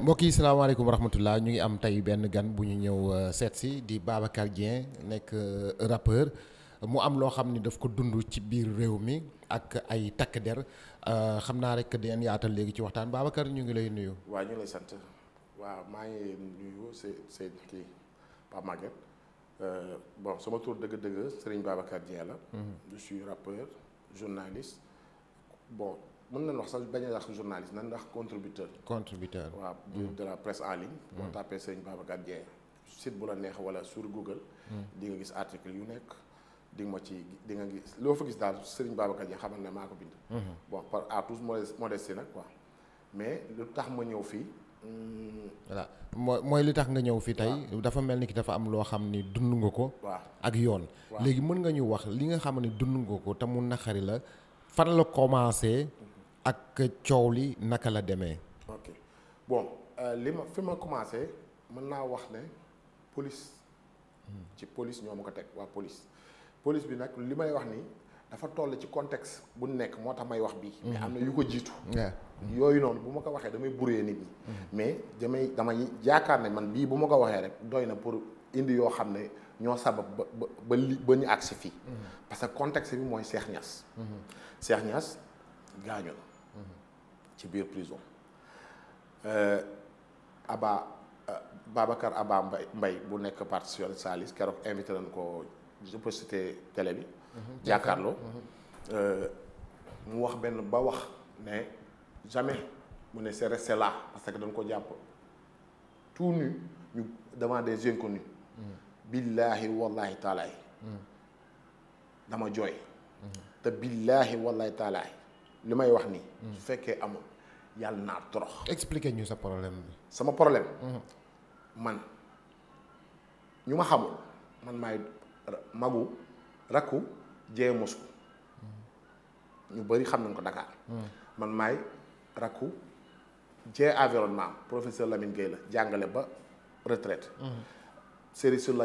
mbokk yi salaamaaleykum wa rahmatullah ñu ngi am tey benn gan bu ñu ñëw euh, seet si di Babacar Dieng nekk euh, rappeur mu am loo xam ni daf ko dund ci biir réew mi ak ay takk der euh, xam naa rekk dinañ yaatal léegi ci waxtaan Babacar ñu ngi lay nuyu. waa ñu lay sant waa maa ngi nuyu seen seen kii Pape Maguette bon sama tur dëgg-dëgg Serigne Babacar Dieng la. Mhm. je suis rappeur journaliste bon. mën nañ wax sax bañ a wax journaliste nañ wax contributeur. contributeur waaw mm. la presse en ligne. Mm. boo tapé sëñ Babacar neex wala sur Google. Mm. di nga gis article yu nekk. di ma ci di nga gis loo gis daal Serigne Babacar yi xamal ne maa ko bind. Mm-hmm. bon par à tous modestie nag mais lu tax ma ñëw fii. voilà mooy mooy li tax nga ñëw fii tey. dafa mel ni ki dafa am loo xam ni dund nga ko. ak yoon. léegi mën nga ñu wax li nga xam ne dund nga ko te mu naqari la fan la commencé. ak coow li naka la demee. ok bon euh, li ma fi ma commencé mën naa wax ne police. Hmm. ci police ñoo ma ko teg waa police. police bi nag li may wax nii dafa toll ci contexte bu nekk moo tax may wax bi mais hmm. am na yu ko jiitu. Hmm. yooyu noonu bu ma ko waxee damay buree nit ñi. mais damay damay yaakaar ne man bii bu ma ko waxee rek doy na pour indi yoo xam ne ñoo sabab ba ba ba ñu agsi fii. parce que contexte bi mooy Cheikh Niass. Cheikh Niass gaañu la. ci biir prison euh, Aba euh, Babacar Aba Mbay Mbay bu nekk parti socialiste salis keroog invité nañ ko je peux citer télé bi. Mhm, jàkkaarloo. Mhm. Euh, mu wax benn ba wax ne jamais mu ne c'est resté parce que dañ ko jàpp tout nu ñu devant des inconnus. Mhm. billaahi wallaahi taalaay. dama jooy. te billaahi wallaahi taalaay. li may wax nii. su fekkee amul yàlla naa torox. expliquer ñu sa problème sama problème. Mhm. man ñu ma xamul man maay magu rakku jee mosu mhm. ñu bëri xam nañ ko Dakar. Mhm. man maay rakku jee environnement professeur Lamine Gueye la jàngale ba retraite. cerise sur le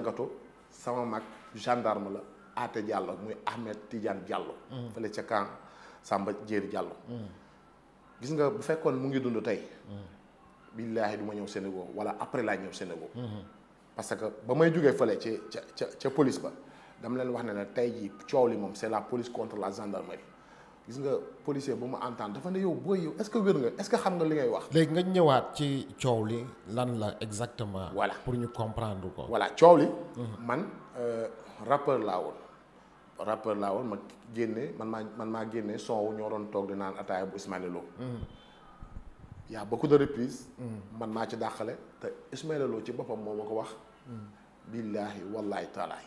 sama mag gendarme la aate Diallo muy Ahmed Tidiane Diallo. fële ca camp. Samba Jéeri Diallo. gis nga bu fekkoon mu ngi dund tey. billaahi du ma ñëw Sénégal wala après laa ñëw Sénégal. parce que ba may jugee fële ci ca ca ca police ba dama leen wax ne la tey jii coow li moom c'est la police contre la gendarmerie. gis nga policier bu ma entendre dafa ne yow booy yow est-ce que wér nga est-ce que xam nga li ngay wax. léegi nga ñëwaat ci coow li lan la exactement. walla pour ñu comprendre ko. voilà coow li. Mhm. man euh, rappeur laa woon. rappeur laa woon ma génne man maa man maa génne sonw ñoo doon toog di naan ataaya bu Ismaïla Lo mhm. y a beaucoup de reprises mhm. man maa ci dàqale te Ismaïla Lo ci boppam moo ma ko wax mhm. billaahi wallaahi taalaay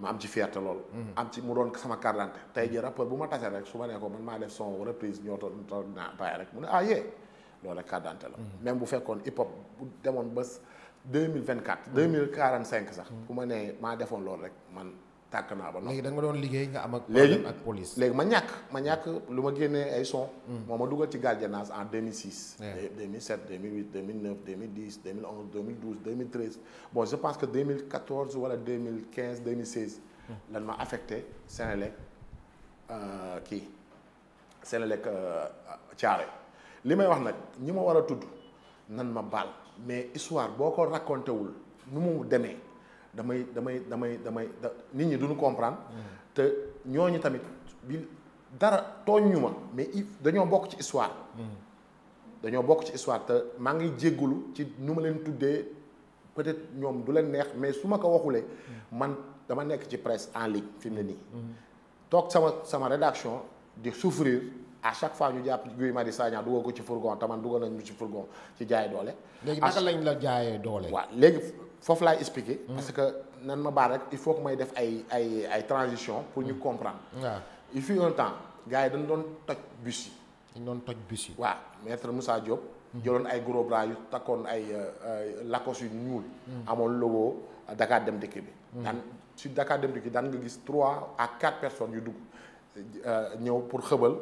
ma am ci fierté loolu am ci mu doon sama carte d'identité tey jii rappeur bu ma tasee rek su ma nee ko man maa def son reprise ñoo toog dinaa ataaya rek mu ne ah yee loolu rek carte la même bu fekkoon hip hop bu demoon ba deux mille vingt quatre deux mille quarante cinq sax bu ma maa defoon loolu rek man tàkk naa ba léegi da nga doon liggéey nga am ak. léegi police léegi ma ñàkk ma ñàkk lu ma génnee ay son. moo ma dugal ci gardiennage en 2006. 2007 2008 2009 2010 2011 2012 2013 bon je pense que 2014 wala 2015 2016. lan ma affecté Sénélec kii Sénélec Thiaré li may wax nag ñi ma war a tudd nan ma baal mais histoire boo ko raconté wul nu mu demee. damay damay damay damay nit ñi duñu comprendre mm. te ñooñu tamit bi dara tooñ ñu ma mais dañoo bokk ci histoire mm. dañoo bokk ci histoire te maa ngi jéggulu ci nu ma leen tuddee peut-être ñoom du leen neex mais su ma ko waxulee mm. man dama nekk ci presse en ligne fi mu ne nii toog sama sama rédaction di souffrir à chaque fois ñu jàpp Guy Marius Sagna dugal ko ci fourgon taman dugal nañu ci fourgon ci jaay doole léegi naka lañ la jaayee doole waaw léegi foofu laay expliquer. Mm. parce que nan ma baal rek il faut que may def ay ay ay transition pour ñu mm. comprendre. waaw il fut un temps gars yi dañu doon toj bus yi. dañu doon toj yi. waaw maître Moussa Diop. Mm. jëloon ay gros takkoon ay euh, euh, lakos yu ñuul. amoon logo Dakar dem dëkk bi. daan si Dakar dem dëkk bi daan nga gis trois à quatre personnes yu dugg. Euh, ñëw pour xëbal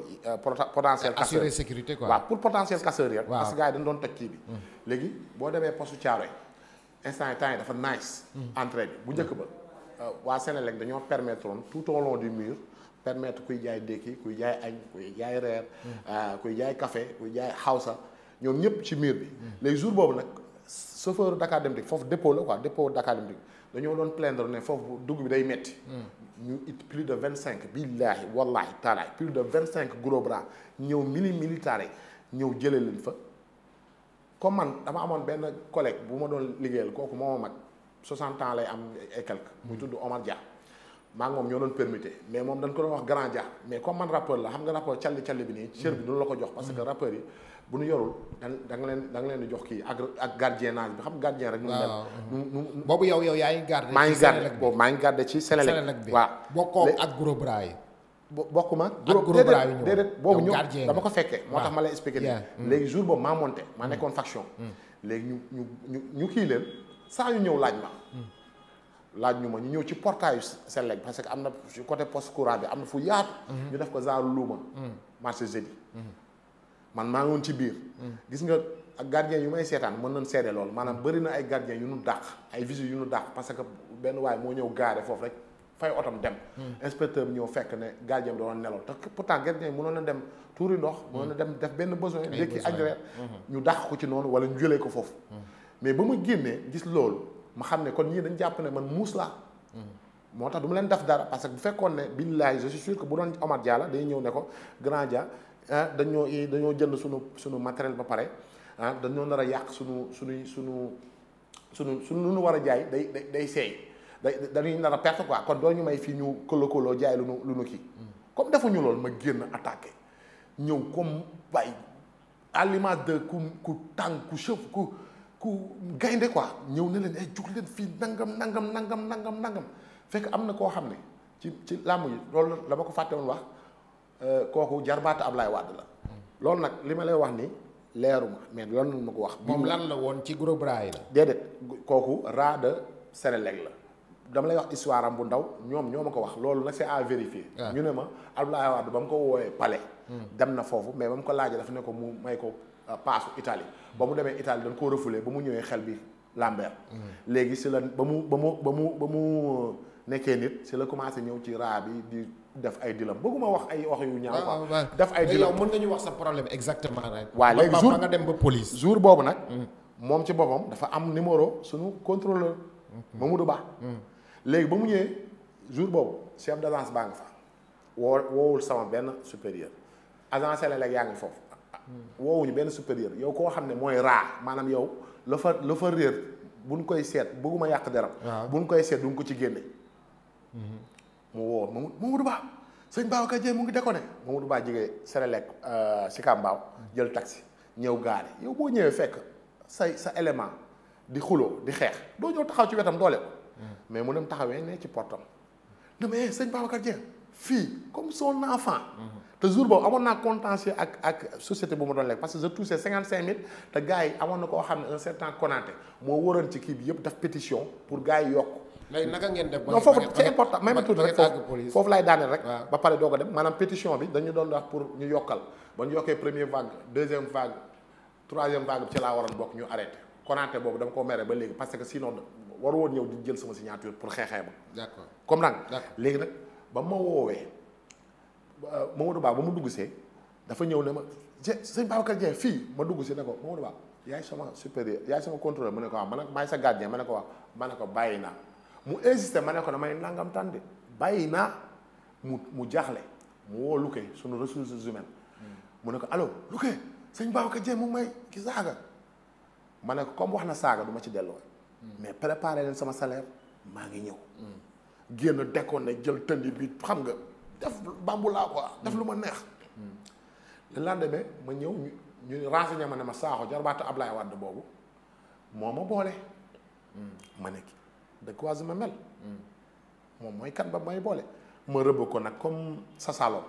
potentiel casseur assurer sécurité quoi waaw pour potentiel casseur yëpp. parce que gars yi dañu doon toj kii bi. léegi boo demee postu Thiaroye instant temps yi dafa nice. Mm. entrée bi bu njëkk ba mm. euh, waa Sénélec dañoo permettre tout au long du mur permettre kuy jaay dékki kuy jaay añ kuy jaay reer. Mm. Euh, kuy jaay café kuy jaay xawsa ñoom ñëpp ci mur bi. les jour boobu nag chauffeur Dakar Dem Dikk foofu dépôt la quoi dépôt Dakar Dem Dikk dañoo doon plaindre ne foofu dugg bi day metti ñu it plus de vingt cinq billaahi wallaahi taalaay plus de vingt cinq gros bras ñëw mili militaire ñëw jëlee leen fa. comme man dama amoon benn collègue bu ma doon liggéeyal kooku moo ma mag 60 lay am et quelque muy tudd Omar Dia maa ngi moom ñoo doon permuté mais moom dañ ko doon wax grand Dia mais comme man rappeur la xam nga rappeur calli calli bi nii cër bi la ko jox parce que mm-hmm. rappeur bu ñu yorul da da nga leen da leen di jox kii ak ak gardiennage bi xam nga rek nu yow yow yaa ngi gardé maa ngi gardé boobu maa ngi gardé ci Sénélec waaw bokkoo ak gros bras yi bokk ma groupe déedéet boobu ñëw dama ko fekkee moo tax ma lay expliqué nii mm. léegi jour boobu maa monté maa mm. nekkoon faction mm. léegi ñu ñu ñu ñu kii leen saa ñu ñëw laaj ma laaj ñu ma ñu ñëw ci portail Senelec parce que am na côté poste courant bi am na fu yaatu mm-hmm. ñu def ko genre luuma marché jeudi man maa ngi woon ci biir gis nga ak gardien yu may seetaan mën nañ seede loolu maanaam bëri na ay gardien yu nu dàq ay visu yu nu dàq parce que benn waay moo ñëw gaare foofu rek fay otom dem. inspecteur bi ñëw fekk ne gardien bi doon nelaw te pourtant gardien bi mënoon na dem tuuri ndox. mënoon na dem def benn besoin. ndékki añ reer ñu dàq ko ci noonu wala ñu jëlee ko foofu. Mhm. mais ba ma génnee gis loolu ma xam ne kon ñii dañ jàpp ne man muus laa. Mhm. moo tax du leen def dara parce que bu fekkoon ne billaay je suis sûr que bu doon Omar Dia la ñëw ne ko grand Dia ah dañoo dañoo jënd sunu sunu matériel ba pare ah dañoo nar a yàq sunu sunuy sunu sunu sunu war a jaay day day day seey. da dañuy nar a perte quoi kon doo ñu may fii ñu këloo-këloo jaay lu nu lu nu kii comme defuñu loolu ma génn attaqué ñëw comme bay aliment l'image de ku ku tànk ku chef ku ku gaynde quoi ñëw ne leen ay eh, jug leen fii nangam nangam nangam nangam nangam fekk am na koo xam ne ci ci làmb yi loolu la ma ko fàtte woon wax euh, kooku jarbaata Ablaye Wade la loolu nag li ma lay wax ni leeruma mais loolu na ma ko wax moom lan la woon ci gros bras yi la kooku raada de Sénélec la dama lay wax histoire am bu ndaw ñoom ñoo ma ko wax loolu nag c'est à vérifier. Ah. ñu ne ma Abdoulaye Wade ba mu ko wooyee pale hmm. dem na foofu mais ba mu ko laajee dafa ne ko mu may ko euh, paasu Italie. ba mu demee Italie dañ ko refoulé ba mu ñëwee xel bi Lambert. Hmm. léegi si la ba mu ba mu ba mu ba mu euh, nekkee nit si la commencé ñëw ci raa bi di def ay dilam bëgguma wax ay wax yu ñaaw quoi. Ah, def ay dilam yow mën nga ñu wax sa problème exactement rek. waaw léegi jour nga dem ba police. jour boobu nag. Hmm. moom ci boppam dafa am numéro suñu contrôleur. Mamadou Ba. léegi ba mu ñëwee jour boobu chef d' agence baa nga fa woo woowul sama benn supérieur agence Senelec yaa ngi foofu woowuñu benn supérieur yow koo xam ne mooy raa maanaam yow la fa la fa réer buñ koy seet bëgguma yàq deram buñ koy seet duñ ko ci génne mu woo Mamadou Mamadou Ba sëñ Babacar Dieng mu ngi ne Mamadou Ba jigee Senelec euh, Sicap Mbao jël taxi ñëw gaare yow boo ñëwee fekk say sa élément di xuloo di xeex doo ñëw taxaw ci wetam doole mais mu dem taxawee ne ci portam ne mais eh, sëñ Babacar Dieng fii comme son enfant. Mhm. te jour boobu amoon naa contentieux ak ak société bu ma doon lekk parce que je touchais cinquante cinq mille te yi amoon na koo xam ne un certain Konaté waroon ci bi dañu doon wax pour ñu yokkal ba ñu yokkee première vague deuxième vague troisième vague bi ci ñu arrêté Konaté boobu dama ko mere ba léegi parce que sinon. war woon ñëw di jël suma sama signature pour xeexee ma. d'accord comme nag. léegi nag ba ma woowee euh, Mamadou Ba ba mu dugg see dafa ñëw ne ma je sëñ Babacar Dieng fii ma dugg si ne ko Mamadou Ba yaay sama supérieur yaay sama mu ne ko waaw ah, man maay sa gardien ma ko waaw ah, ma ne ko bàyyi naa mu insisté ma ne ko damay nangam tànde bàyyi naa mu mu jaaxle mu woo Luque sunu ressources humaines hmm. mu ne ko allo Luque sëñ Babacar Dieng mu may ki saaga ma ne comme wax na saaga du ma ci delloo. Mm. mais préparé leen sama salaire maa ngi ñëw. génn dekkoon na jël tëndi bi xam nga def bambu laa quoi def lu ma mm. neex. Mm. le lendemain ma ñëw ñu ñu renseigné ma ne ma saaxo jarbaatu Ablaye Wade boobu moo ma boole. ma nekk de quoi ma mel. moom mooy kan ba may boole. ma rëbb ko nag comme sa salon.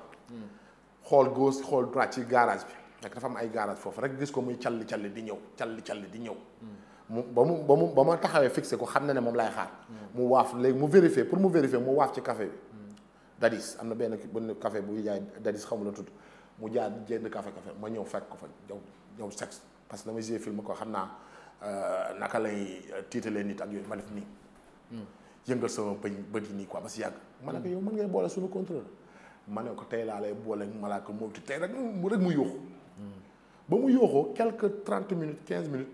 xool goos xool droite ci garage bi. ndax dafa am ay garage foofu rek gis ko muy calli calli di ñëw calli calli di ñëw. mu ba mu ba mu ba ma taxawee fixé ko xam na ne moom laay xaar. mu waaf léegi mu vérifié pour mu vérifié mu waaf ci café am na benn benn café buy jaay dadis xamu la tudd mu jaar jënd café café ma ñëw fekk ko fa jaw jaw sexe parce que dama gisee film ko xam naa euh, naka lay euh, tiitalee nit ak yooyu ma def nii. yëngal sama bëñ bët yi nii quoi ba si yàgg. ma ne ko yow mën ngay boole ma ne ko tey laa lay boole malaaka moom tey rek mu rek ba mu yóoxoo quelque trente minutes quinze minutes.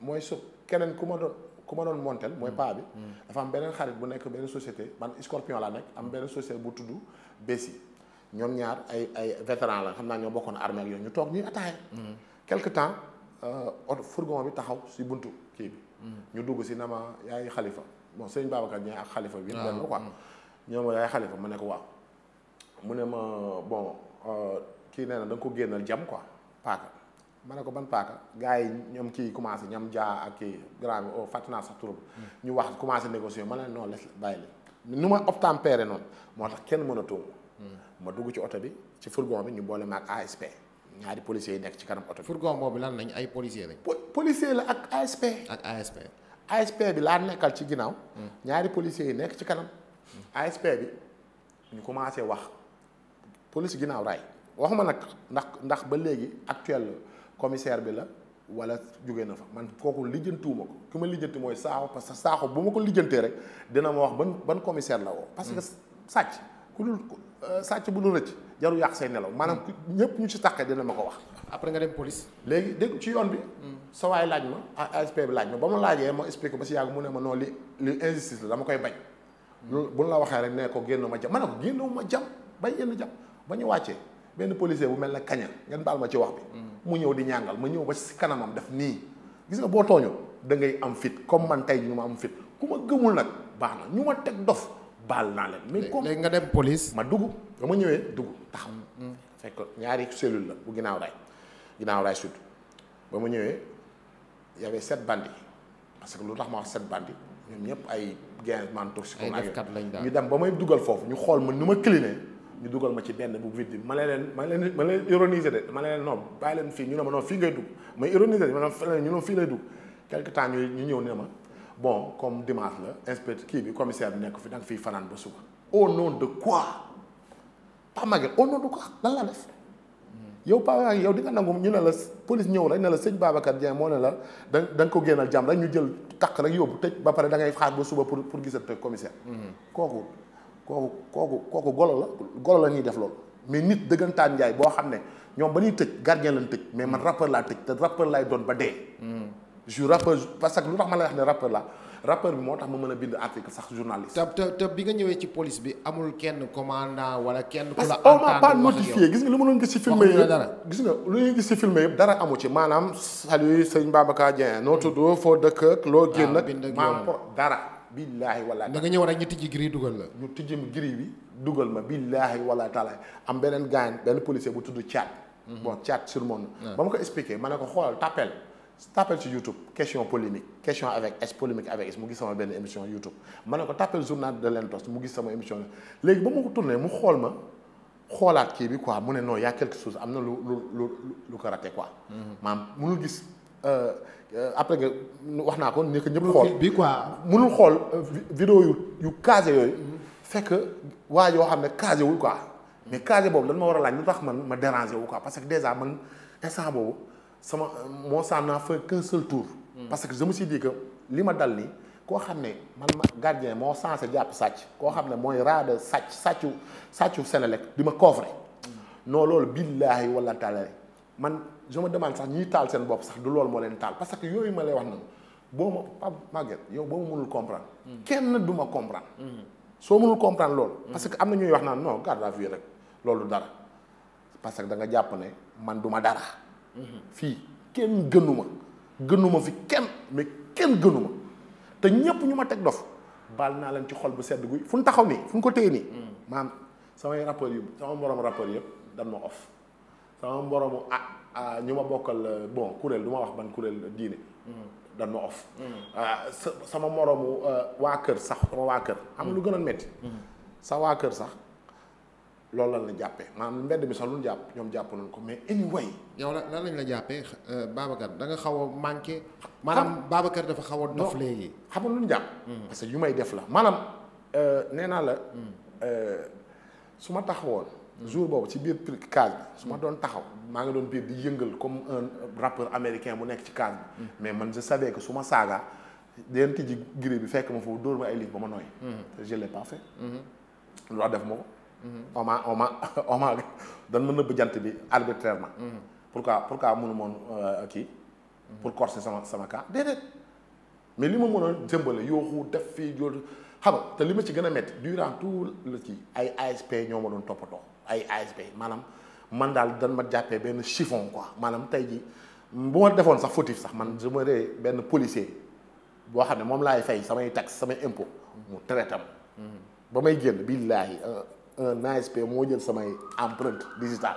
mooy su keneen ku ma doon ku ma doon montel mooy mm. paa bi. Mm. dafa am beneen xarit bu nekk benn société man Scorpion laa nekk am benn société bu tudd Bessi ñoom ñaar ay ay vétéran la xam naa ñoo bokkoon armée ak yooyu ñu toog ñuy ataaya. Mm. quelque temps euh, oto fourgon bi taxaw si buntu kii bi. ñu dugg si na ma yaay xalifa bon sëñ Babacar Dieng ak xalifa bi. waaw ah, quoi ñoom ma yaay xalifa mu ne ko waaw. mu ne ma bon euh, kii nee na da ko génnal jam ko paaka. ma ne ko ban paaka gars yi ñoom kii commencé ñam jaa ak kii grand bi oh, fàtte naa sax turam hmm. ñu wax commencé négocier ma ne non les bàyyi leen nu ma obtempéré noonu moo tax kenn mën a tuum hmm. ma dugg ci oto bi ci fourgon bi ñu boole ma ak ASP ñaari policier yi nekk ci kanam oto bi. fourgon boobu lan lañ ay policiers lañ. policier la ak ASP. ak ASP. bi laa nekkal ci ginnaaw. Hmm. ñaari policier yi nekk ci kanam. ASP bi ñu commencé wax police ginnaaw raay waxuma nag ndax ndax ba léegi actuel commissaire bi la wala jóge na fa man kooku lijjantiwuma ko ki ma lijjanti mooy saaxo parce que saaxo bu ma ko lijjantee rek dina ma wax ban ban commissaire la woo. parce que mm. sàcc ku dul euh, bu dul rëcc jaru yàq say nelaw. maanaam mm. ñëpp ñu ci taqee dina ma ko wax. après nga dem police. léegi dégg ci yoon bi. Mm. sa waay laaj ma ASP bi laaj ma ba ma laajee ma expliqué ba si yàgg mu ne ma non li li injustice koy bañ. loolu bu la waxee rek ne ko génn ma jam ma ne ko génn ma jam bay yenn jam ba ñu wàccee benn policier bu mel ne kaña ngeen baal ma ci wax bi. mu ñëw di ñàngal ma ñëw ba si kanamam def nii gis nga boo tooñu dangay am fit comme man tey ñu ma am fit ku ma gëmul nag baax na ñu ma teg dof baal naa leen. mais comme nga dem police. ma dugg ba ma ñëwee dugg taxaw. fekk ñaari cellule la bu ginnaaw raay ginnaaw raay sud ma ñëwee y avait sept bandits parce que lu tax ma wax sept bandits ñoom ñëpp ay. ay man toxique. ay def kat lañ daal ñu dem ba may dugal foofu ñu xool ma nu ma cliner. ñu dugal ma ci benn bu vide ma leen ma leen ma leen ironiser de ma leen non bàyyi leen fii ñu ne ma non fii ngay dugg ma ironiser de ma ne ñu ne fii lay dugg quelque temps ñu ñu ñëw ne ma bon comme dimanche la inspecteur kii bi commissaire bi nekk fi da fii fiy fanaan ba suba. au de quoi Pape Maguette au nom de quoi lan laa yow Pape yow di nga nangu ñu ne la police ñëw rek ne la sëñ baabakat Dieng moo ne la da da nga ko génnal jàmm rek ñu jël takk rek yóbbu tëj ba pare da ngay xaar ba suba pour pour gisal commissaire mm-hmm. kooku. kooku kooku kooku golo la golo la ñuy def loolu mais nit dëggantaan njaay boo xam ne ñoom ba ñuy tëj gardien lañ tëj mais man mm. rappeur laa tëj te rappeur laay doon ba dee mm. je rappeur parce que lu tax ma la wax ne rappeur la rappeur bi moo tax ma mën a bind article sax journaliste. te te bi nga ñëwee ci police bi amul kenn commandant wala kenn. ku la on m'a pas gis nga lu ma doon gis ci film yëpp dara gis nga lu ñuy gis ci film yëpp dara amu ci maanaam salut sëñ Babacar Dieng noo tudd foo dëkk ak loo génn ak maam dara. billaahi wala da nga ñëw rek ñu tijji gris dugal la ñu tijji gris bi dugal ma billaahi wala taala am beneen gaañ benn policier bu tudd Thiat mhm. bon Thiat sur mon ba ma ko expliqué ma ne ko xoolal tappel tappel ci YouTube question polémique question avec S polémique avec S mu gis sama benn émission YouTube ma ne ko tappel journal de l'Intos mu gis sama émission léegi ba ma ko tourné mu xool ma xoolaat kii bi quoi mu ne non y a quelque chose am na lu lu lu lu ko raté quoi mhm. maam mënul gis Euh, euh, après nga wax naa ko ni que ñëpp xool bi quoi mënul xool euh, vidéo yu yu casé yooyu fekk waa yoo xam ne casé wul quoi mais casé boobu dañ ma war a laaj lu tax man ma dérangé wu quoi parce que déjà man instant boobu sama moo saan naa fait tour hmm. parce que je me suis dit li ma dal nii koo xam ne man ma gardien moo censé jàpp sàcc koo xam ne mooy raada sàcc sàccu sàccu Senelec di ma coffre hmm. non loolu billaahi wala taala man je me demande sax ñiy taal seen bopp sax du lool moo leen taal parce que yooyu ma lay wax noonu boo ma Pape Maguette yow boo ma mënul comprendre. Mm. kenn du ma comprendre. Mm. soo mënul comprendre loolu. Mm. parce que am na ñuy wax naan non garde à vue rek loolu dara parce que da nga jàpp ne man du ma dara. Mm-hmm. fii kenn gënu ma gënu fi kenn mais kenn gënu te ñëpp ñu ma teg dof baal naa leen ci xol bu sedd guy fu ñu taxaw nii fu ñu ko téye nii. maam samay rappeurs yi sama moroom rappeurs yëpp dan ma off sama moromu ah, ah ñu ma bokkal euh, bon kuréel du ma wax ban kuréel diine. Hmm. dan ma off. Hmm. Ah, sama moroomu euh, waa kër sax sama waa kër. am lu hmm. gën a métti. sa waa kër sax loolu la la jàppee maanaam mbedd mi sax lu ñu jàpp ñoom jàpp nañu ko mais anyway. yow la lan lañ la jàppee euh, Babacar da nga xaw a manqué. maanaam Babacar dafa xaw a dof léegi. xam lu ñu jàpp. parce que yu may def la maanaam nee naa la. su ma taxawoon. jour boobu ci biir cage bi su ma mm. doon taxaw maa ngi doon biir di yëngal comme un rappeur américain bu nekk ci cage bi mm. mais man je savais que su ma saaga deen tijji gré bi fekk ma foofu dóor ma ay livre ba ma nooy mm. te je l'ai pas fait mm-hmm. lu def ma ko oma oma oma dan ma nëbb jant bi arbitrairement mm-hmm. pourquoi pourquoi mënu euh, kii mm-hmm. pour corser sama sama cas déedéet mais li ma mënoon jëmbale yooxu def fii joolu xam te li ma ci gën a métti durant tout le kii ay ASP ñoo ma doon toppatoo ay ASP maanaam man daal dan ma jàppee benn chiffon quoi maanaam tey ji bu ma defoon sax fautif sax man je me benn policier boo xam ne moom laay fay samay taxe samay impôt mu traité am ba may génn billaahi un ASP moo jël samay empreinte digitale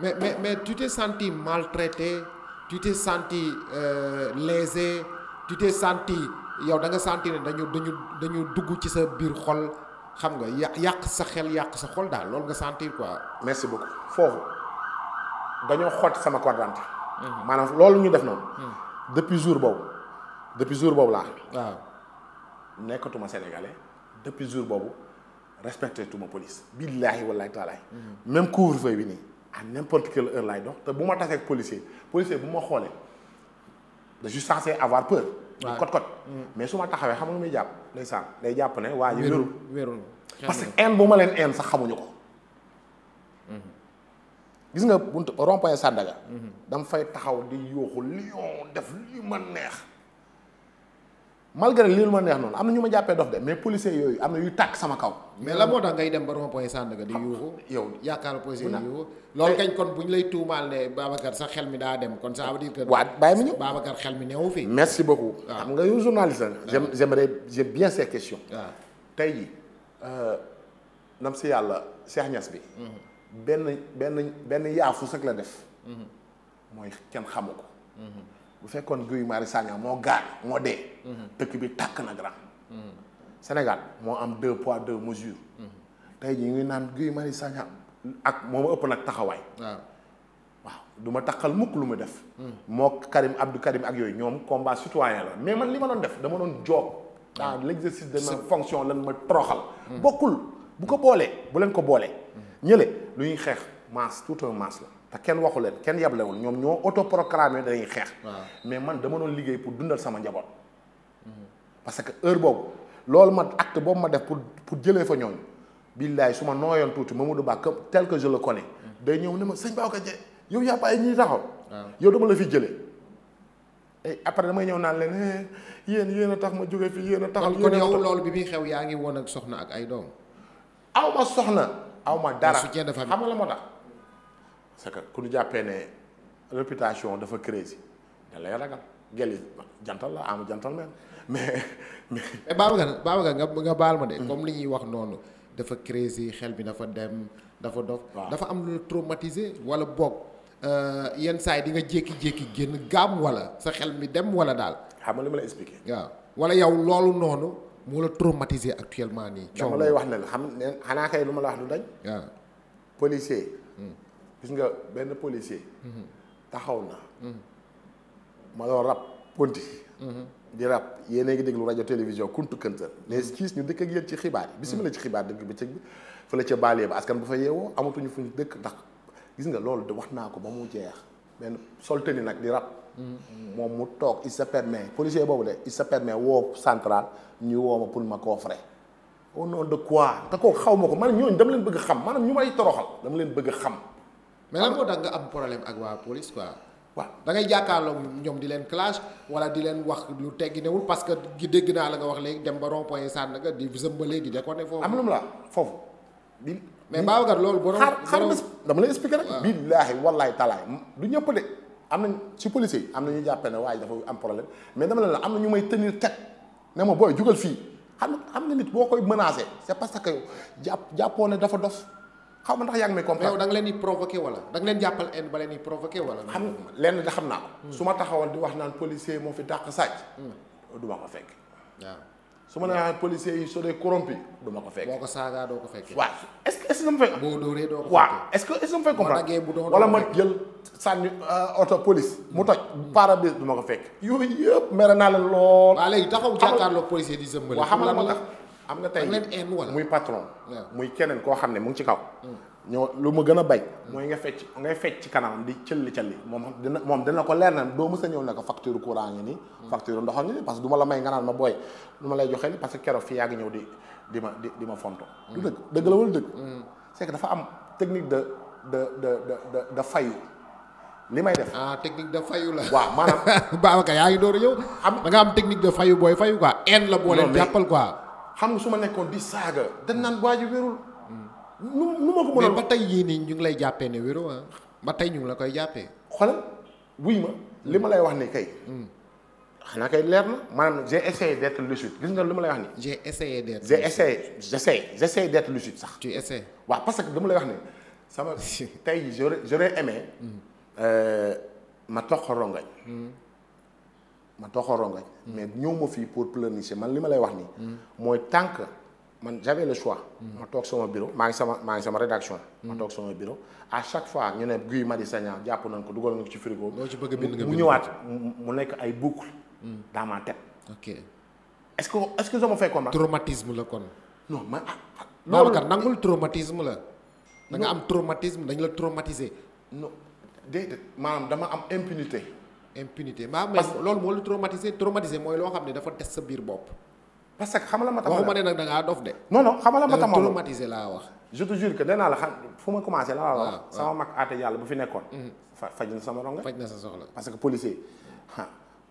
mais mais mais tu t'es senti maltraité tu t'es santi euh, lésé tu t'es yow da nga senti ne dañu dañu dañu dugg ci sa biir xol xam nga yàq yàq sa xel yàq sa xol daal loolu nga sentir quoi. merci beaucoup foofu dañoo xotti sama quadrante. Mhm. maanaam loolu ñu def noonu. Mhm. depuis jour boobu depuis jour boobu laa. waaw nekkatuma sénégalais depuis jour boobu respecté tuma police. billaahi wallaahi taalaay. Mhm. même couvre-feu bi nii à n'importe quelle heure laay dox te bu ma tasee ak policier policier bu ma xoolee je suis censé peur. waaw kot kot mais su ma taxawee xam nga muy jàpp ndeysaan day jàpp ne waa ji wérul wérul parce que en bu ma leen en sax xamuñu ko mm-hmm. gis nga buntu rond-point Sandaga mm-hmm. dama fay taxaw di yooxu lion def li ma neex malgré li ma neex noonu am na ñu ma jàppee dof de mais policiers yooyu am na yuy tàkk sama kaw. mais la moo tax ngay dem ba rond point Sandaga di ah, yuuxu. yow yaakaar policiers yi yuuxu. loolu eh. kañ kon bu ñu lay tuumaal ne Babacar sa xel mi daa dem kon ça veut dire que. waaw bàyyi ma ñëw Babacar xel mi newu fi. merci beaucoup. Ah. xam nga yow journaliste la. Ah. j'aime j'aimerais j'ai bien ces questions. waaw tey euh, nam si yàlla Cheikh ñas bi. Mm-hmm. benn benn benn yaafu sax la def. Mm-hmm. mooy kenn xam ko. Mm-hmm. bu fekkoon Guy Marius Sagna moo gaañ moo dee. Mhm. dëkk bi tàkk nag grand. Mhm. Sénégal moo am deux poids deux mesures. Mhm. tey ñu ngi naan Guy Marius Sagna ak moo ma ëpp nag taxawaay. waaw duma du mukk lu ma def. moo Karim Abdou Karim ak yooyu ñoom combat citoyen la mais man li ma doon def dama doon joog. dans l'exercice de ma fonction lan ma toroxal. bokkul bu ko boolee bu leen ko boolee. ñële lu ñuy xeex masse tout un masse la. te kenn waxu leen kenn yablewul ñoom ñoo autoproclamé dañuy xeex. mais man dama doon liggéey pour dundal sama njaboot. parce que heure boobu loolu ma acte boobu ma def pour pour jëlee fa ñooñu. billaay su ma nooyoon tuuti Mamadou Ba comme tel que je le connais. day ñëw ne ma sëñ Babacar Dieng yow yaa ay ñuy taxaw. yow dama la fi jëlee. et après damay ñëw naan leen eh, yéen yéen a tax ma jóge fii yéen a. taxal kon yow loolu bi muy xew yaa ngi woon ak soxna ak ay doom. aw ma soxna. aw ma dara xam nga la moo tax. parce que ku ñu jàppee ne réputation dafa crazy da lay ragal geli jantal la am jantal mel mais mais. Eh, Babacar Babacar nga nga baal ma de. comme li ñuy wax noonu dafa crazy xel bi dafa dem dafa dof. dafa am lu traumatisé wala boog euh, yenn saa yi di nga jékki-jékki génn gaam wala sa xel mi dem wala daal. xam nga li ma la expliqué. waaw wala yow loolu noonu moo la traumatisé actuellement nii. coono dama lay wax ne la xam ne xanaa kay lu ma la wax lu dañ. waaw gis nga benn policier. Mhm. taxaw na. Mhm. ma doon rap ponti. Mhm. di rap yéen a ngi déglu rajo télévision kuntu këntër les kiis ñu dëkk ak ci xibaar yi. bisimilah ci xibaar dëgg bëccëg bi fële ca baalee ba askan bu fa yeewoo amatuñu fu ñu dëkk ndax gis nga loolu de wax naa ko ba mu jeex benn soltani nag di rap. moom mu toog il se permet policier boobu de il se permet woo central ñu woo ma pour ma coffrer. au nom de quoi te kooku xaw ma ko man ñooñu dama leen bëgg xam maanaam ñu may toroxal dama leen bëgg xam. mais na moo tax nga am problème ak waa police quoi. waaw da ngay ñoom di leen clash wala di leen wax lu tegginewul parce que gi dégg naa la nga wax léegi dem ba rond point Sandaga di zëmbalee di déconné foofu. am lu mu la foofu. di mais Babacar loolu. borom xaar xaar dama lay expliquer rek. waaw billaahi wallaahi talaay du ñëpp de am nañ ci policier yi am na ñu jàppee ne waaye dafa am problème mais dama la am na ñu may tenir tête ne ma booy jugal fii xam nga xam nga nit boo koy menacé c'est parce que jàpp jàppoo dafa dof. xaw ma ndax yàgg ngi may yow da nga leen di provoqué wala da leen jàppal en ba leen di provoqué wala. xam lenn da xam naa ko. Hmm. su ma taxawal di wax naan policier moo fi dàq sàcc. Hmm. du ma ko fekk. waaw su ma nee naan yi soo dee du ma ko fekk. boo ko saagaa doo ko fekk waa est ce que est ce que dama fay. boo dóoree doo ko fekkee waaw est ce ma jël sànni euh, oto police. mu hmm. toj pare-brise du ma ko fekk. yooyu mere naa leen lool. waaw léegi taxaw jàkkaarloo policier di zëmbale. waaw xam la ma nga xam nga tey muy patron muy keneen koo xam ne mu ngi ci kaw mm. ñoo lu ma gën a bay mm. mooy nga fecc ngay fecc ci kanam di cëlli cëlli moom dina moom dina ko leer na doo mës a ñëw ne ko facture courant ngi nii mm. facture ndox parce que du ma la may nga naan ma booy du lay joxee li parce que keroog fi yaa ngi ñëw di di ma fonto du dëgg dëgg la wala dëgg c'est dafa am technique de de de de de fayu li may def ah technique de fayu la. waaw maanaam Babacar yaa ngi door ñëw. am danga am technique de fayu booy fayu quoi. la boo leen jàppal xam nga su ma nekkoon di saaga dañ naan waa ji wérul. nu nu ma ko mën ba tey yii nii ñu ngi lay jàppee ne wéru ah ba tey ñu la koy jàppee. xoolal wuy ma li ma lay wax ni kay. Hmm. xanaa kay leer na maanaam j'ai essayé d'être lucide gis nga li ma lay wax ni j'ai essayé d'être sax. tu essaies waa parce que dama lay wax ni sama tey jii j'aurais j'aurais aimé. Hmm. Euh, ma toq rongañ. Hmm. ma toxorongañ mais ñëw ma fii pour pleurnicher man li ma lay wax nii mooy tant que man j'avais le choix ma toog sama bureau maa ngi sama sama rédaction ma toog sama bureau à chaque fois ñu ne Guy Marius Sagna jàpp nañ ko dugal nañ ko ci frigo mu ñëwaat mu nekk ay boucle dans ma tête ok est-ce que est-ce que sama fay comprendre traumatisme la kon non ma loolu kat nangul traumatisme la da am traumatisme dañ la traumatiser non déedéet maanaam dama am impunité impunité mbaa mais loolu moo la traumatisé traumatisé mooy loo xam ne dafa des sa biir bopp. parce que xamala ma tamal waxuma ne nag da ngaa dof de. non non xamala ma tamal traumatisé la xam fu ma ah, ah. la bu fi nekkoon. Mhm. faj na sama ronga faj na sa soxla. parce que policier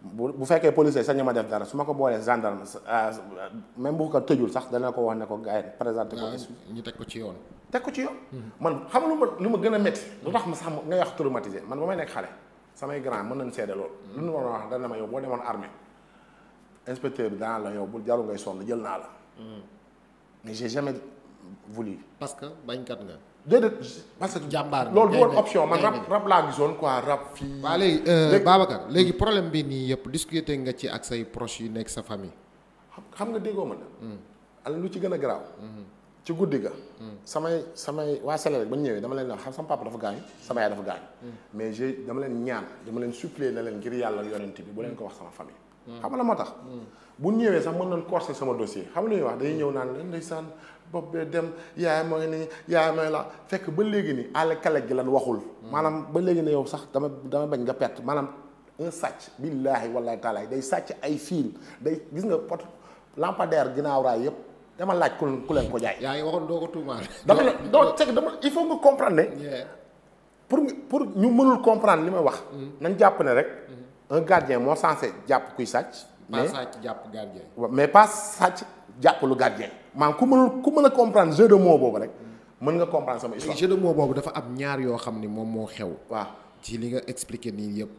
bu bu fekkee policier sañ ma def ma ko boolee gendarme ah, même bu ko tëjul sax dana ko wax ko gars yi ñu teg ko ci yoon. teg ko mhm. man xam lu ma lu ma gën a métti. lu tax ma sax ngay wax traumatisé man ba may nekk xale. samay grand mën nañ seede loolu lu ñu waroon wax dana ma yow boo demoon armée inspecteur bi daan la yow bul jarul ngay sonn jël naa la hmm. mais j'ai jamais voulu parce que bañkat nga déedéet parce que jàmbaar loolu du option man rab rab laa gisoon quoi rab fii waaw euh, léegi Babacar léegi problème bi nii yëpp discuter nga ci ak say proches yi nekk sa famille xam nga déggoo ma na hmm. lu ci gën a garaaw hmm. ci guddi ga. samay samay waa Sénégal ba ñëwee dama leen wax xam sama papa dafa gaañu sama yaay dafa gaañu. mais je dama leen ñaan dama leen supplier na leen ngir yàlla yonent bi bu leen ko wax sama famille. xam nga la moo tax. bu ñëwee sax mën nañ corser sama dossier xam nga lu ñuy wax dañuy ñëw naan day bopp bee dem yaay mooy nii yaay mooy la fekk ba léegi nii àll kale gi lan waxul. maanaam ba léegi ne yow sax dama dama bañ nga perte maanaam un sàcc. billaahi wallaahi taalaay day sàcc ay fiil day gis nga pot lampadaire ginnaaw yëpp. dama laaj ku ku leen ko jaay. yaa ngi waxoon doo ko tuumaal. dama ne doo dama il nga comprendre ne. pour pour ñu mënul comprendre li may wax. Mm-hmm. nañ jàpp ne rek. Mm-hmm. un gardien moo censé jàpp kuy sàcc. mais pas sàcc jàpp gardien. mais pas sàcc jàpp lu gardien. ku mënul ku mën a comprendre jeu de mots boobu rek. Mm-hmm. mën nga comprendre sama histoire. de mots boobu dafa am ñaar yoo xam ni moom moo xew. waa ci li nga expliquer nii yëpp.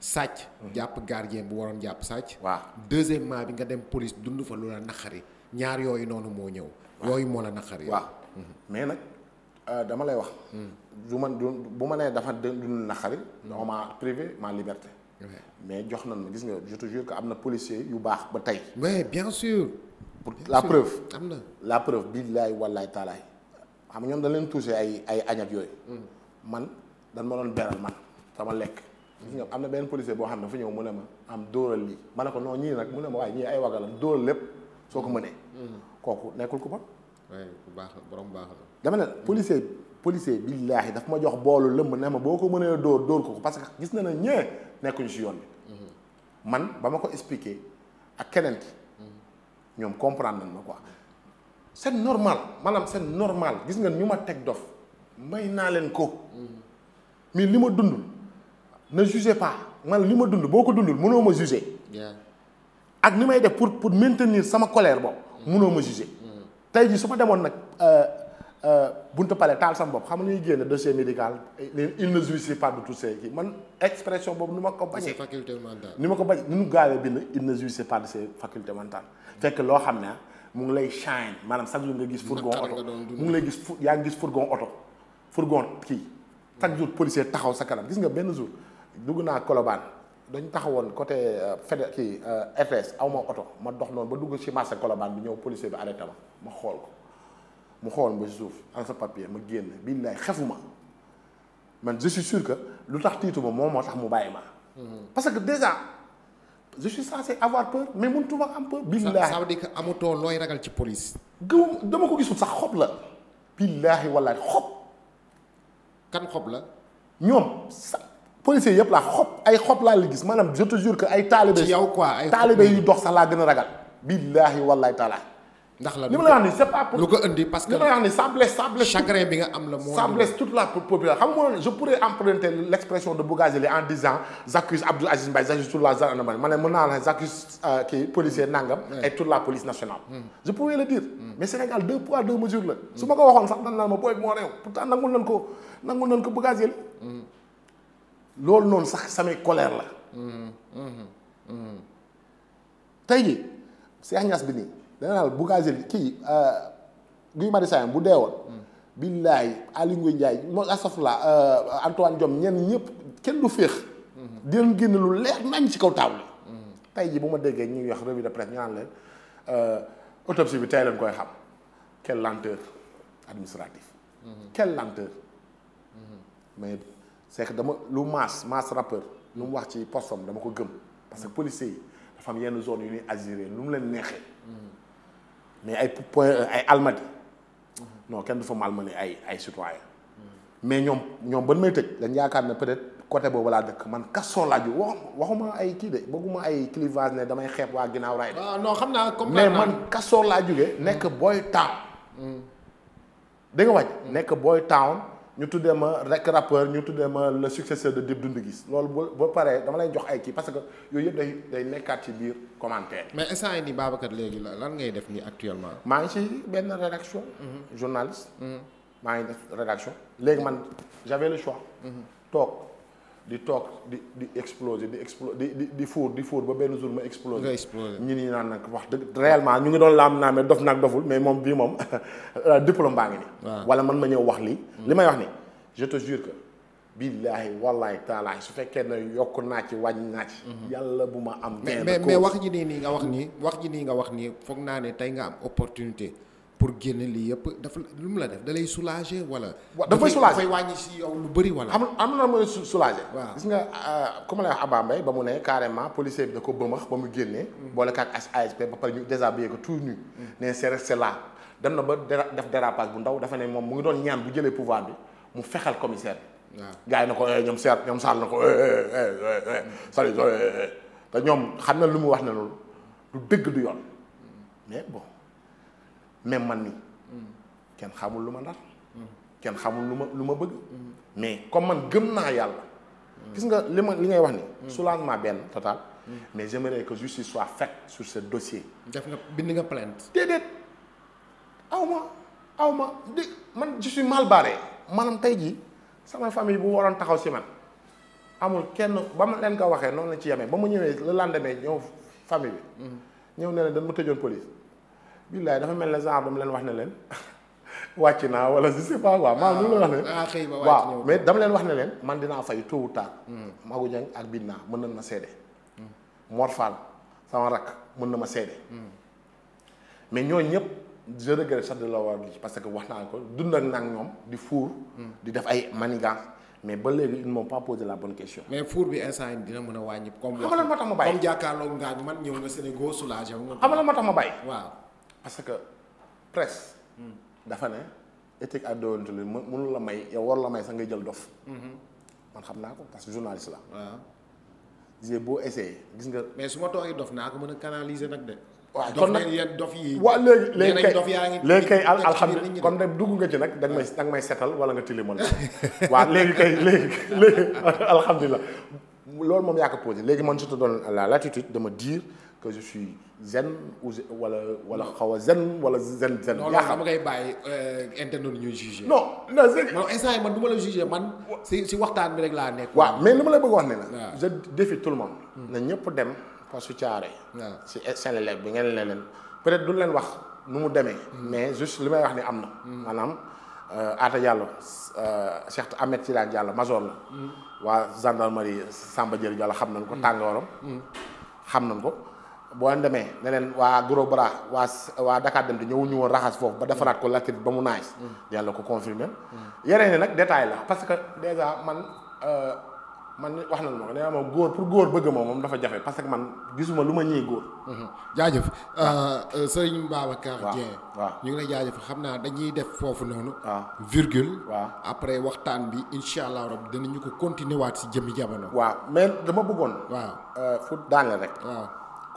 sàcc. jàpp gardien bu waroon jàpp sàcc. waa deuxièmement bi nga dem police dund fa loola naqari. ñaar yooyu noonu moo ñëw. yooyu moo la naqar yi mais nag euh, dama lay wax. Hmm. du man du bu ma nee dafa dund naqari. non ma privé ma liberté. mais jox nañ ma gis nga je te am na policier yu baax ba tey. oui bien sûr. pour la preuve. am na la preuve billaay wallaay taalaay. xam nga ñoom dañ leen touché ay ay añ yooyu. Hmm. man dañ ma doon beral man sama lekk. gis nga am na benn policier boo xam ne dafa ñëw mu ne ma am dóoral lii ma ne ko non ñii nag mu ne ma waaye ñii ay waggalan dóoral lépp. soo ko mënee. Mm-hmm. kooku nekkul ko ba waaye baax la borom baax la. dama ne policier policier billaahi daf ma jox boolu lëmb ne ma boo ko mënee dóor dóor ko parce que gis na ne ñee nekkuñu si yoon bi. Mm-hmm. man ba ma ko expliquer ak keneen ki mm-hmm. ñoom comprendre nañ ma ko c'est normal maanaam c'est normal gis nga ñu ma teg dof may naa leen ko. mais li ma dund ne jugez pas man li ma dund boo ko dundul mënoo ma juger. ak ni may def pour pour maintenir sama colère boobu munoo ma juger tey jii su ma demoon nag euh, euh, buntu pale taal sama bopp xam nga ñuy génne dossier médical il ne jouissit pas de tout ça kii man expression boobu ni ma ko bañee faculté ma ko bañ ni mu gaawee bind il ne jouissit pas de ses facultés mentales fekk loo xam ne mu ngi lay shine maanaam chaque jour nga gis fourgon oto mu ngi lay gis fu yaa ngi gis fourgon oto fourgon kii chaque jour policier taxaw sa kanam gis nga benn jour dugg naa Colobane dañ taxawoon côté euh, fed kii RTS euh, aw ma oto ma dox noonu ba dugg ci marché Colobane bi ñëw policier bi arrêté ma ma xool ko mu xool ba ci suuf ana sa papier ma génn billaay xefuma man je suis sûr que lu tax tiitu ma moom moo tax mu bàyyi ma. Mhm. parce que déjà je suis si avoir peur mais mënutuma am peur. billaay ça veut looy ragal ci police. dama ko gisul sax xob la. billaay wallaay xob. kan xob la. ñoom sax. policiers yëpp laa xob ay xob laa la gis maanaam je te que ay. taalibe yu dox sax laa gën a ragal. billaahi wallaahi taala. li ma la wax nii c'est pas pour. lu ko indi parce que ma la nii ça blesse ça la moo. nangam. et toute la police nationale. Hmm. je pourrais le hmm. la. Hmm. su ma ko waxoon sax dañ naan ma booy moo réew pourtant nangul nañ ko nangul nañ ko Bougazeli. loolu noonu sax samay colère la. tey ji Cheikh Niass bi nii dana daal Bougazelli kii euh, Guy Marius bu deewoon. billaay Aly Ngouille Ndiaye mo astafurlah jom euh, Diome ñenn ñëpp kenn du féex. di leen génn lu leer nañ ci kaw table. tey jii bu ma déggee ñuy wax revue de presse ñu naan leen euh, autopsie bi tey leen koy xam quelle lenteur administrative. quelle lenteur c'est que dama lu maas maas rappeur lu mu wax ci postom dama ko gëm parce que policiers yi dafa am yenn zone yu ñuy agiré lu mu leen neexee mais ay point ay almadi non kenn du fa mal ma malmené ay ay citoyen mais ñoom ñoom ban may tëj dañ yaakaar ne peut-être côté boobu laa dëkk man kaso laa ju wax waxuma ay kii de bëgguma ay clivage ne damay xeeb waa ginnaaw raay de ah, non xam naa mais man kaso laa jóge nekk boy town mm. da nga nekk boy town ñu tuddee ma rek rappeur ñu tuddee ma le successeur de Dip Doundou gis loolu bu ba paree dama lay jox ay kii parce que yooyu yëpp day day nekkaat ci biir commentaire. mais instant yii nii léegi léegi lan ngay def nii actuellement. maa ngi ci benn rédaction. Mhm. journaliste. Mhm. maa ngi def rédaction léegi man j'avais le choix. Mhm. toog. di toog di di explosé di explo di di di fuur di fuur ba benn jour ma explosé. nga explosé ñi ñu naan nag wax dëgg réellement ñu ngi doon laam naamee dof nag doful mais moom bii moom euh, diplôme baa ngi nii. wala man ma ñëw wax lii. Mm. li may wax ni je te jure que. billaahi wallaahi taalaahi su fekkee ne yokk naa ci wàññi naa ci. Mm-hmm. yàlla bu ma am. mais mais wax ji nii nii nga wax nii wax ji nii nga wax nii foog naa ne tey nga am opportunité. pour génne lii yëpp dafa lu mu la def da lay soulager wala. waaw dafay soulager dafay wàññi si yow lu bëri wala. am am na mooy soulager. waaw gis nga euh, comme lay wax ba mu ne carrément policier bi da ko bëmax ba mm. boole kaak ASP ba pare ñu mm. dem na ba def dérapage bu ndaw dafa ne moom mu doon ñaan bu jëlee pouvoir bi mu fexal commissaire bi. waaw na ko ñoom eh, seet ñoom Sall na ko. Eh, eh, mm. Sall ñoom xam na lu mu wax ne loolu du dëgg du yoon mais même man mi kenn xamul lu ma nar kenn xamul lu ma lu ma bëgg mais comme man gëm naa yàlla gis nga li ma li ngay wax ni soulagement benn total mais j'aimerais que justice soit faite sur ce dossier def nga bind nga plainte déedéet aw ma aw ma di man je suis mal barré maanaam tey jii sama famille bu waroon taxaw si man amul kenn ba ma leen ko waxee noonu la ci yemee ba mu ñëwee le lendemain ñëw famille bi ñëw ne leen dañ ma tëjoon police billaay dafa mel ne genre dama leen wax ne leen wàcc naa wala je sais pas quoi. maanaam lu la wax ah, ah, mais dama leen wax ne leen man dinaa fay tôt ou tard. Hmm. Magu Dieng ak Binna mën na ma seede. Hmm. Mor Fall sama rakk mën na ma seede. Hmm. mais ñooñu ñëpp je regrette sax que wax naa ko dund ak nag di fuur. di def ay manigance mais ba léegi ils m'ont pas posé la bonne question. mais fuur bi instant yii dina mën a wàññi. comme xam nga lan moo tax ma bàyyi ma bàyyi waaw. parce que presse. dafa ne éthique ak déontologie mënu la may yow war la may sax nga jël dof. man xam naa ko parce que journaliste la. waaw gisee boo essayé gis nga. mais su ma toogee dof naa ko mën a canaliser nag de. waaw yi. waaw léegi léegi kay léegi kay alhamdulilah kon nag dugg nga ci nag danga may may setal wala nga tilimal waaw léegi kay loolu moom yaa ko léegi man je te donne la latitude dama dire. que je suis zen ou wala wala xaw a zen wala zen zen. yaa xam ngay bàyyi euh, internet ñuy jugé. non non c'est man instant yi man du la jugé man. si si waxtaan bi rek laa nekk. waaw mais li ma la bëgg wax ne la. je défie hmm. na ñëpp dem Fass Thiaré. waaw si Senelec bi ngeen leen peut-être du leen wax nu mu demee. Hmm. mais juste li may wax ni am na. Hmm. maanaam euh, Aata Diallo euh, Cheikh Ahmed Tidiane Diallo major la. waa gendarmerie Samba Diéry Diallo xam nañ ko. tàngooram. xam nañ ko. boo demee ne leen waa Gros Bras waa waa Dakar dem te ñëwuñu woon raxas foofu ba defaraat ko latérite ba mu naaj. Mm. yàlla ko confirmé. Mm. yeneen yi nag détail la parce que déjà man euh, man wax nañ ma ko nee naa ma góor pour góor bëgg ma moom dafa jafe parce que man gisuma lu ma ñii góor. Mm-hmm. jaajëf euh, euh, sëriñ Babacar Dieng. waaw ñu ngi lay jaajëf xam naa dañuy def foofu noonu. waaw virgule. waaw après waxtaan bi incha allah rabi danañu ko continuer waat si jëmmi jamono. waaw mais dama bëggoon. waaw fu daane rek.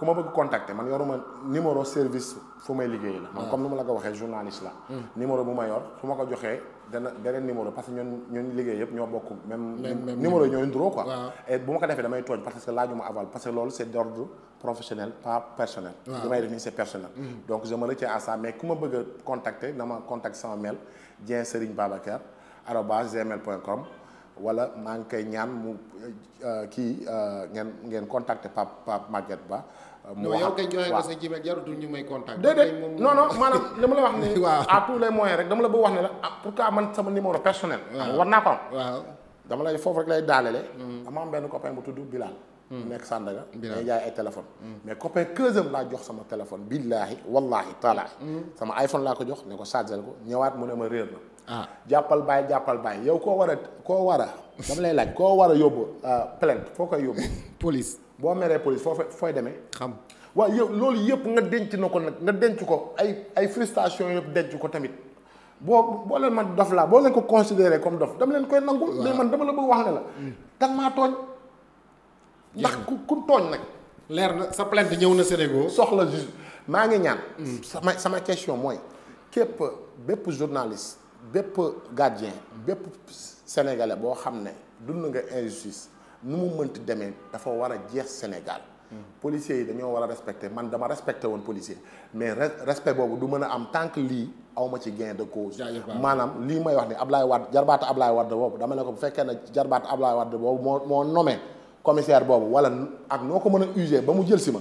ku ma bëgg contacter man yoruma numéro service fu may liggéey la man ah. comme ni ma la ko waxee journaliste la hmm. numéro bu ma yor su ma ko joxee dana beneen numéro parce que ñun ñun liggéey yëpp ñoo bokk même numéro yi ñoo nduroo quoi et bu ma ko defee damay tooñ parce que laajuma aval parce que loolu c'est d'ordre professionnel pas personnel li may def nii c'est personnel hmm. donc je me retiens à ça mais ku ma bëgg a contacter na ma contacter sama mail Dieng Serigne Babacar arobase gmail point com wala maa ñaan mu euh, kii euh, ngeen ngeen contacter Pape Pape Maguette Ba mu wax yow kay joxe nga sa Gmail jarutul ñu may contact. déedéet non non maanaam li ma la wax nii. waaw tous les moyens rek dama la bëgg wax ne la ah pourquoi man sama numéro personnel. waaw war naa dama lay foofu rek lay daalele. Mm-hmm. dama am benn copain bu tudd Bilal. Mm-hmm. nekk Sandaga. Bilal day jaay ay téléphone mm-hmm. mais copain këzam laa jox sama téléphone billaahi wallaahi taala. sama iPhone laa ko jox ne ko chargé ko ñëwaat mu ne ma réer na. ah jàppal bàyyi jàppal bàyyi yow koo war a koo war a dama lay laaj koo war a yóbbu euh, plainte foo koy yóbbu. police. boo meree police foo fooy demee. xam waaw yow loolu yëpp nga denc na ko nag nga denc ko ay ay frustration yëpp denc ko tamit boo boo leen man dof laa boo leen ko considéré comme dof dama leen koy nangul. mais man dama la bëgg wax ne la. danga maa tooñ. ndax ku ku tooñ nag. leer na sa plainte ñëw na Sénégal. soxla juge maa ngi ñaan. Mm. sama sama question mooy képp bépp journaliste bépp gardien bépp sénégalais boo xam ne dund nga injustice. nu mu mënti demee dafa war a jeex Sénégal policiers yi dañoo war a respecté man dama respecté woon policier mais respect boobu du mën a am tant que lii awma ci gain de cause maanaam lii may wax ni Ablaye Wade jarbaata Ablaye Wade boobu dama ne ko bu fekkee ne jarbaata Ablaye Wade boobu moo moo nommé commissaire boobu wala ak noo ko mën a usé ba mu jël si ma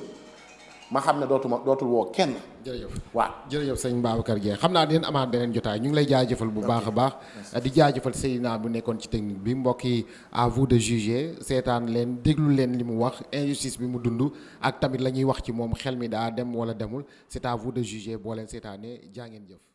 ma xam ne dootuma dootul woo kenn. waa waaw jërëjëf sëñ Babacar Dieng xam naa dinañ amaat beneen jotaay ñu ngi lay jaajëfal bu baax a baax. di jaajëfal Seydina bu nekkoon ci technique bi mbokk yi à vous de juger seetaan leen déglu leen li mu wax injustice bi mu dund ak tamit la ñuy wax ci moom xel mi daa dem wala demul c'est à vous de juger boo leen seetaanee jaa ngeen jëf.